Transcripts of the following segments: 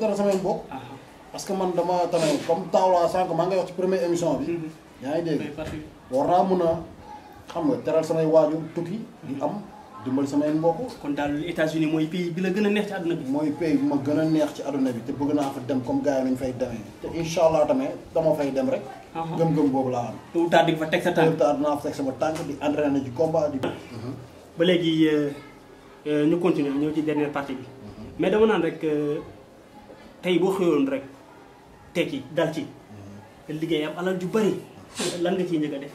dara samay mbokk. Ah. parce que man dama tamit comme taaw laa sànq maa ngay wax ci première émission bi. Mhm. yaa ngi dégg war naa mun a xam nga teral samay waajur tukki di am. dimbali samay mbokk. kon daal États-Unis mooy pays bi la gën a neex ci àdduna bi. mooy pays ma gën a neex ci àdduna bi te bëgg naa fa dem comme gars yi nañu fay demee. te incha allah tamit dama fay dem rek. gëm-gëm boobu laa am. tout à fait di fa teg sa tànk. tout à fait dinaa fa teg sama tànk di entraîné ci combat di. Mhm. ba léegi euh, euh, ñu continuer ñëw ci tey boo xëyoon rek tekki dal ci mm-hmm. liggéey am alal ju bari lan nga ciy de tey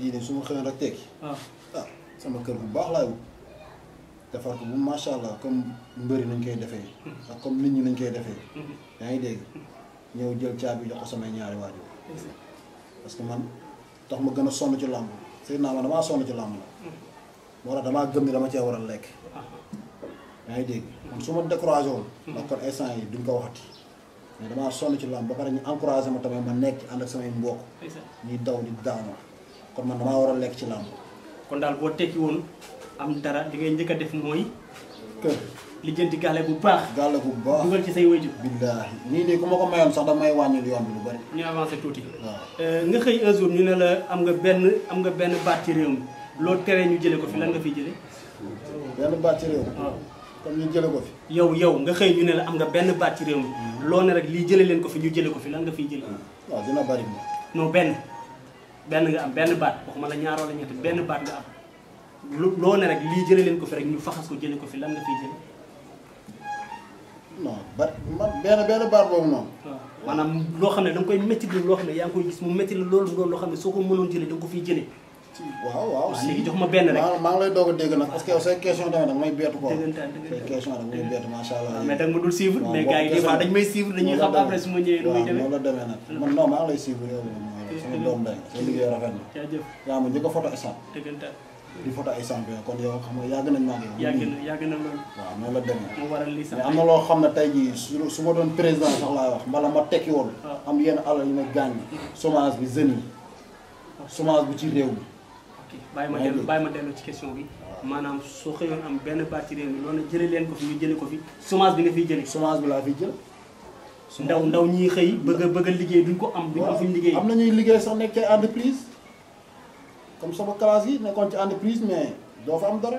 jii de su ma xëyoon rek tekki. Ah. Ah, sama kër bu baax laay wut defar ko bu macha allah comme mbëri nañ koy defee. Mm-hmm. ak comme nit ñi nañ koy defee. Mm-hmm. yaa ngi dégg ñëw jël caabi jox ko samay ñaari waajur. parce que man tax ma gën a sonn ci làmb sëy naa ma damaa sonn ci làmb la. moo tax damaa gëm ni dama cee war a lekk. Ah. yaa ngi dégg man su ma découragé woon. ndax kon instant yi duñ ko waxati. mais damaa sonn ci lamb ba pare ñu encouragé ma tamit ma nekk ànd ak samay mbokk. ñuy daw di daanoo kon man damaa war a lekk ci lamb. kon daal boo tekki woon am dara li ngay njëkk a def mooy. kër lijjanti gàlle bu baax. gàlle bu baax dugal ci say wëju. billaahi nii nii ku ma ko mayoon sax damay wàññil yoon bi lu bari. ñu avancé tuuti. waaw euh, nga xëy un ñu ne la am nga benn am benn baat ci réew loo teree ñu jëlee ko fi lan nga fiy jëlee. benn baat kon ñu jële ko fi yow yow nga xëy ñu ne la am nga benn baat ci réew mi hmm. loo lii jële leen ko fi ñu jële ko fi lan nga fiy jële hmm. waaw dina bari moom benn benn nga am benn baat waxuma la ñaaroo la benn baat lu loo rek lii jële leen ko fi rek ñu faxas ko jële ko fi lan nga fiy jële non ba man benn benn baat boobu noonu waaw maanaam loo xam ne da nga koy métti loo xam xam ne soo ko mënoon jële da ko fiy jële waaw waaw si léegi jox ma benn rek maa maa ngi lay doog a dégg nag parce que yow say question tamit da nga may bett quoi say question da nga may bett macha allah ah, mais da nga ma dul suivre mais gars yi des fois dañ may suivre dañuy xam après su ma ñëwee nu muy demee noonu la demee nag man non maa ngi lay suivre yow sama doom day sa liggéey rafet na jaajëf yaa ma njëkk a photo instant dëggantaan di photo instant bi kon yow xam nga yàgg nañ maa ngi yàgg na yàgg na loolu waaw noonu la demee moo waral lii sax mais am na loo xam ne tey jii su su ma doon président sax laay wax mbala ma tekki woon ah. am yenn alal yi ma gaañ bi chômage bi jeunes yi ah. chômage bi ci réew mi ok bàyyi ma dellu bàyyi ma dellu ci question bi maanaam soo xëyoon am benn parti réew mi loolu na jëlee leen ko fi ñu jëlee ko fi semence bi nga fiy jëlee semence bi laa fiy jël ndaw ndaw ñiy xëy bëgg a bëgg a liggéey duñ ko am duñ am fuñu liggéey am nañuy liggéey sax nekk ci entreprise comme sama classe yi nekkoon ci entreprise mais doo fa am dara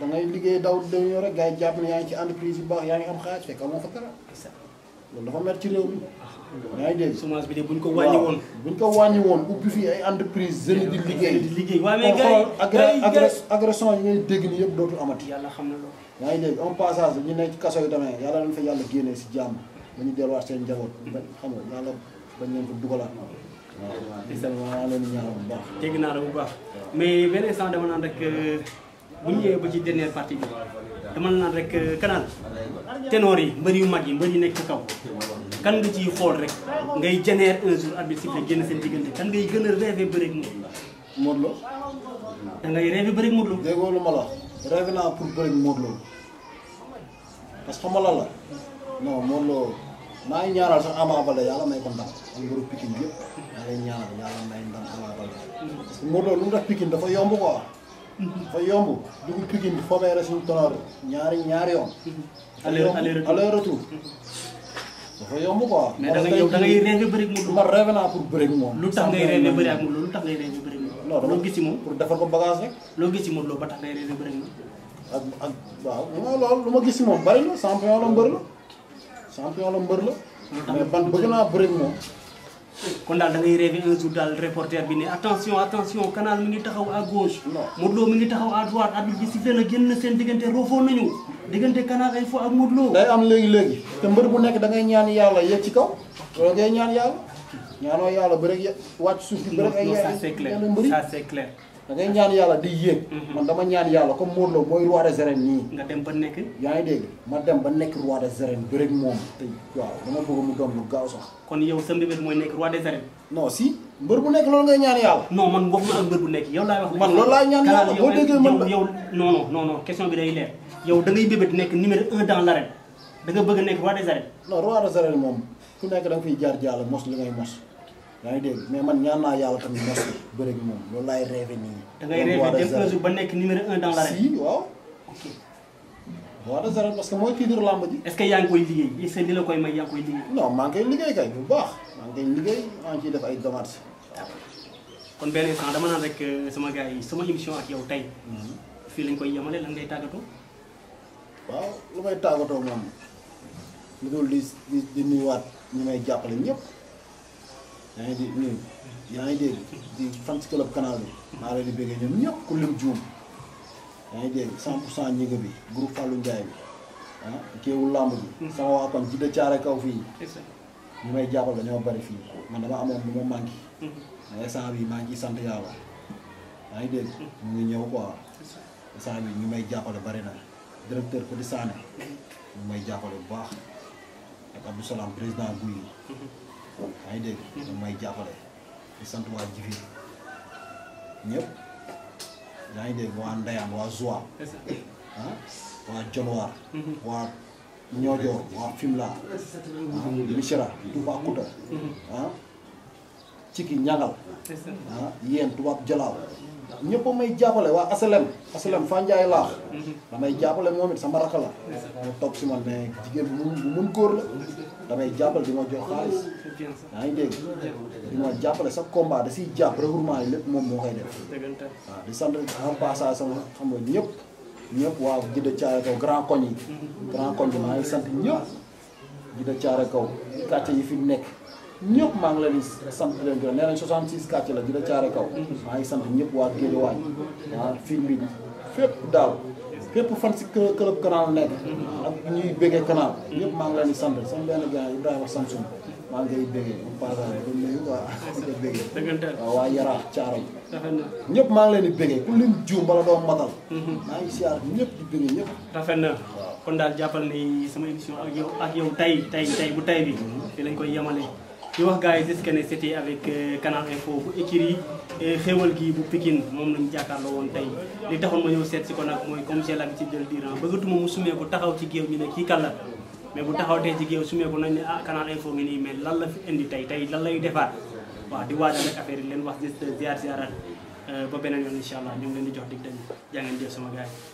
da ngay liggéey daw dañoo rek gaa yi jàpp ne yaa ngi ci entreprise yu baax yaa ngi am xaalis fekk amoo fa dara loolu dafa mer ci réew mi. yaa bi de buñ ko wàññi woon. buñ ko wàññi woon ubbi fii ay entreprise jeunes di liggéey. di liggéey waaye mais yi agression yi yëpp dootul amati. yàlla xam na loolu. yaa ngi dégg un passage ñu nekk ci kaso yi tamit yàlla nañ fa yàlla génnee si jàmm ba ñu delluwaat seen njaboot. ba xam nga yàlla bañ leen ko dugalaat. waaw waaw di seen waa leen ñaanal bu baax. naa la bu baax mais benn instant dama naan rek euh, bu ñu ñëwee ba ci dernière partie bi dama naan rek euh, canal ténor yi mbër yu mag yi mbër yu nekk ci kaw kan nga ciy xool rek ngay génère un jour arbitre sifflé génn seen diggante kan ngay gën a rêvé bëreeg Modou Lo da ngay rêvé bëreeg Modou Lo ma la rêvé naa pour bëreeg Modou Lo parce que xam nga lan ñaanal sax Ama Baldé yàlla may ko ndam ak lu mu def Pikine dafa yomb quoi fa yomb dugub Pikine fobeere suñu tonoor ñaari ñaari yoon. aller aller retour dafa yomb quoi. mais da ngay da ngay rêvé bëri moom. pour bëri lu tax ngay rêvé bëri moom lu tax ngay rêvé bëri ak moom. loo gis ci moom pour defar ko bagage rek. loo gis ci moom loolu ba tax ngay rêvé bëri moom. ak waaw lu ma gis ci moom bëri na champion la mbër la champion la mbër la. mais ban bëgg naa bëri moom. kon daal da ngay rêver un jour daal reporter bi ne attention attention canal mi ngi taxaw à gauche. Modou Lo mi ngi taxaw à droite arbitre bi sifflé na génn seen diggante roofoo nañu diggante canal ay fois ak Modou loo day am léegi léegi te mbër bu nekk da ngay ñaan yàlla yegg ci kaw loolu ngay ñaan yàlla ñaanoo yàlla ba rek wàcc suuf bi ba rek ay. non ça c'est clair ça dangay ngay ñaan yàlla di yéeg. Mhm. man dama ñaan yàlla comme Modou Lo mooy roi des arènes nii. nga dem ba nekk. yaa ngi dégg ma dem ba nekk roi des arènes bi lu gaaw sax. kon yow sa mbébét nekk roi des arènes. non si mbër bu nekk loolu ngay ñaan yàlla. non man wax na ak mbër yow laay wax. man loolu laay ñaan yàlla boo déggee man yow non non bi day leer yow da ngay mbébét nekk numéro un dans bëgg a nekk roi des arènes. non roi ku nekk da nga fiy jaar jàll mos li ngay mos yaa ngi dégg mais man ñaan naa yàlla tamit merci bëri ak moom loolu laay rêvé nii. da ngay rêvé dem un jour ba nekk numéro un dans l'arène. si waaw. ok. waaw de zéro parce que mooy titre lamb ji. est ce que yaa ngi koy liggéey est ce que li la koy may yaa ngi koy liggéey. non maa ngi koy liggéey kay bu baax maa ngi koy liggéey maa ngi ciy def ay démarches. kon benn instant dama naan rek sama gars yi sama émission ak yow hmm. tey. fii lañ koy iya, yemale lan ngay tàggatoo. waaw lu may tàggatoo moom lu dul di di nuyuwaat ñi may jàppale ñëpp yaa ngi di nuyu yaa di fan si club canal bi maa di bëggee ñoom ñëpp ku lim juum yaa ngi dégg 100 pour cent ñëga bi groupe Fallou Ndiaye bi ah kéewul làmb bi. Hmm. sama waa kon ci de caare kaw fii. ñu may jàppale ñoo bari fii man dama amoon lu ma manqué. Hmm. instant bi maa ngi sant yàlla yaa ngi dégg hmm. mu quoi bi ñu may bari na directeur Fodé Sané ñu may jàppale bu baax ak Abdou Salam président guy yaa ngi dégg. ñoom mm-hmm. may jàppale. di sant waa Jifir ñëpp yaa ngi dégg waa Ndeyaan waa Zoa. ah waa Dionewar. Mm-hmm. waa Niodior waa Fimela. ah Missirah Toubacouta. Mm-hmm. ah. ci ki ñangal ah yéen tubaab jalaaw ñëpp may jàppale waa asalem asalem fa laax mm-hmm. damay jàppale moom it sama rakk la mu topp si man mais jigéen bu mun bu la damay jàppale di ma jox xaalis yaa ngi dégg di ma jàppale sa combat da siy jàpp regroupement yi lépp moom moo koy def waaw ah, di sant en passage sama xam nga ñëpp ñëpp waaw jidda caare grand koñ yi mm-hmm. grand koñ bi sant ñëpp jidda caare kaw yi fi nekk ñepp ma ngi leen di sant leen gërëm nee 66 quartier la dina caare kaw ma ngi sant wa waa wañ wa fi mbi fep daaw fep fan ci club canal nek ak ñuy bëggé canal ñepp ma ngi leen di sant sama ben gars Ibrahim Samson ma ngi koy béggee bu passage bu nuyu wa ko bëggé waaw wa Yara Caaroy ñepp ma ngi leen di béggee ku lim juum bala do matal mhm. ma ngi siyaar ñepp di bëggé ñepp rafet kon dal jappal ni sama émission ak yow ak yow tay tay tay bu tay bi fi lañ koy yamalé di wax gars yi gis que ne c'était avec euh, Canal Info bu écurie xéewal gi bu Pikine moom lañu jàkkaarloo woon tey li taxoon ma ñëw seet si ko nag mooy comme j'ai l'habitude de le dire ah, bëggatuma mu sumee ko taxaw ci géew ñu ne kii kan la mais bu taxawtee ci géew sumee ko nañ ne ah Canal Info ngi nii mais lan la fi indi tey tey lan lay defaat waaw di waajal rek affaire leen wax gis ziar ziarat euh, ba beneen yoon incha allah ñu ngi leen di jox dig dañ jaa ngeen jëf sama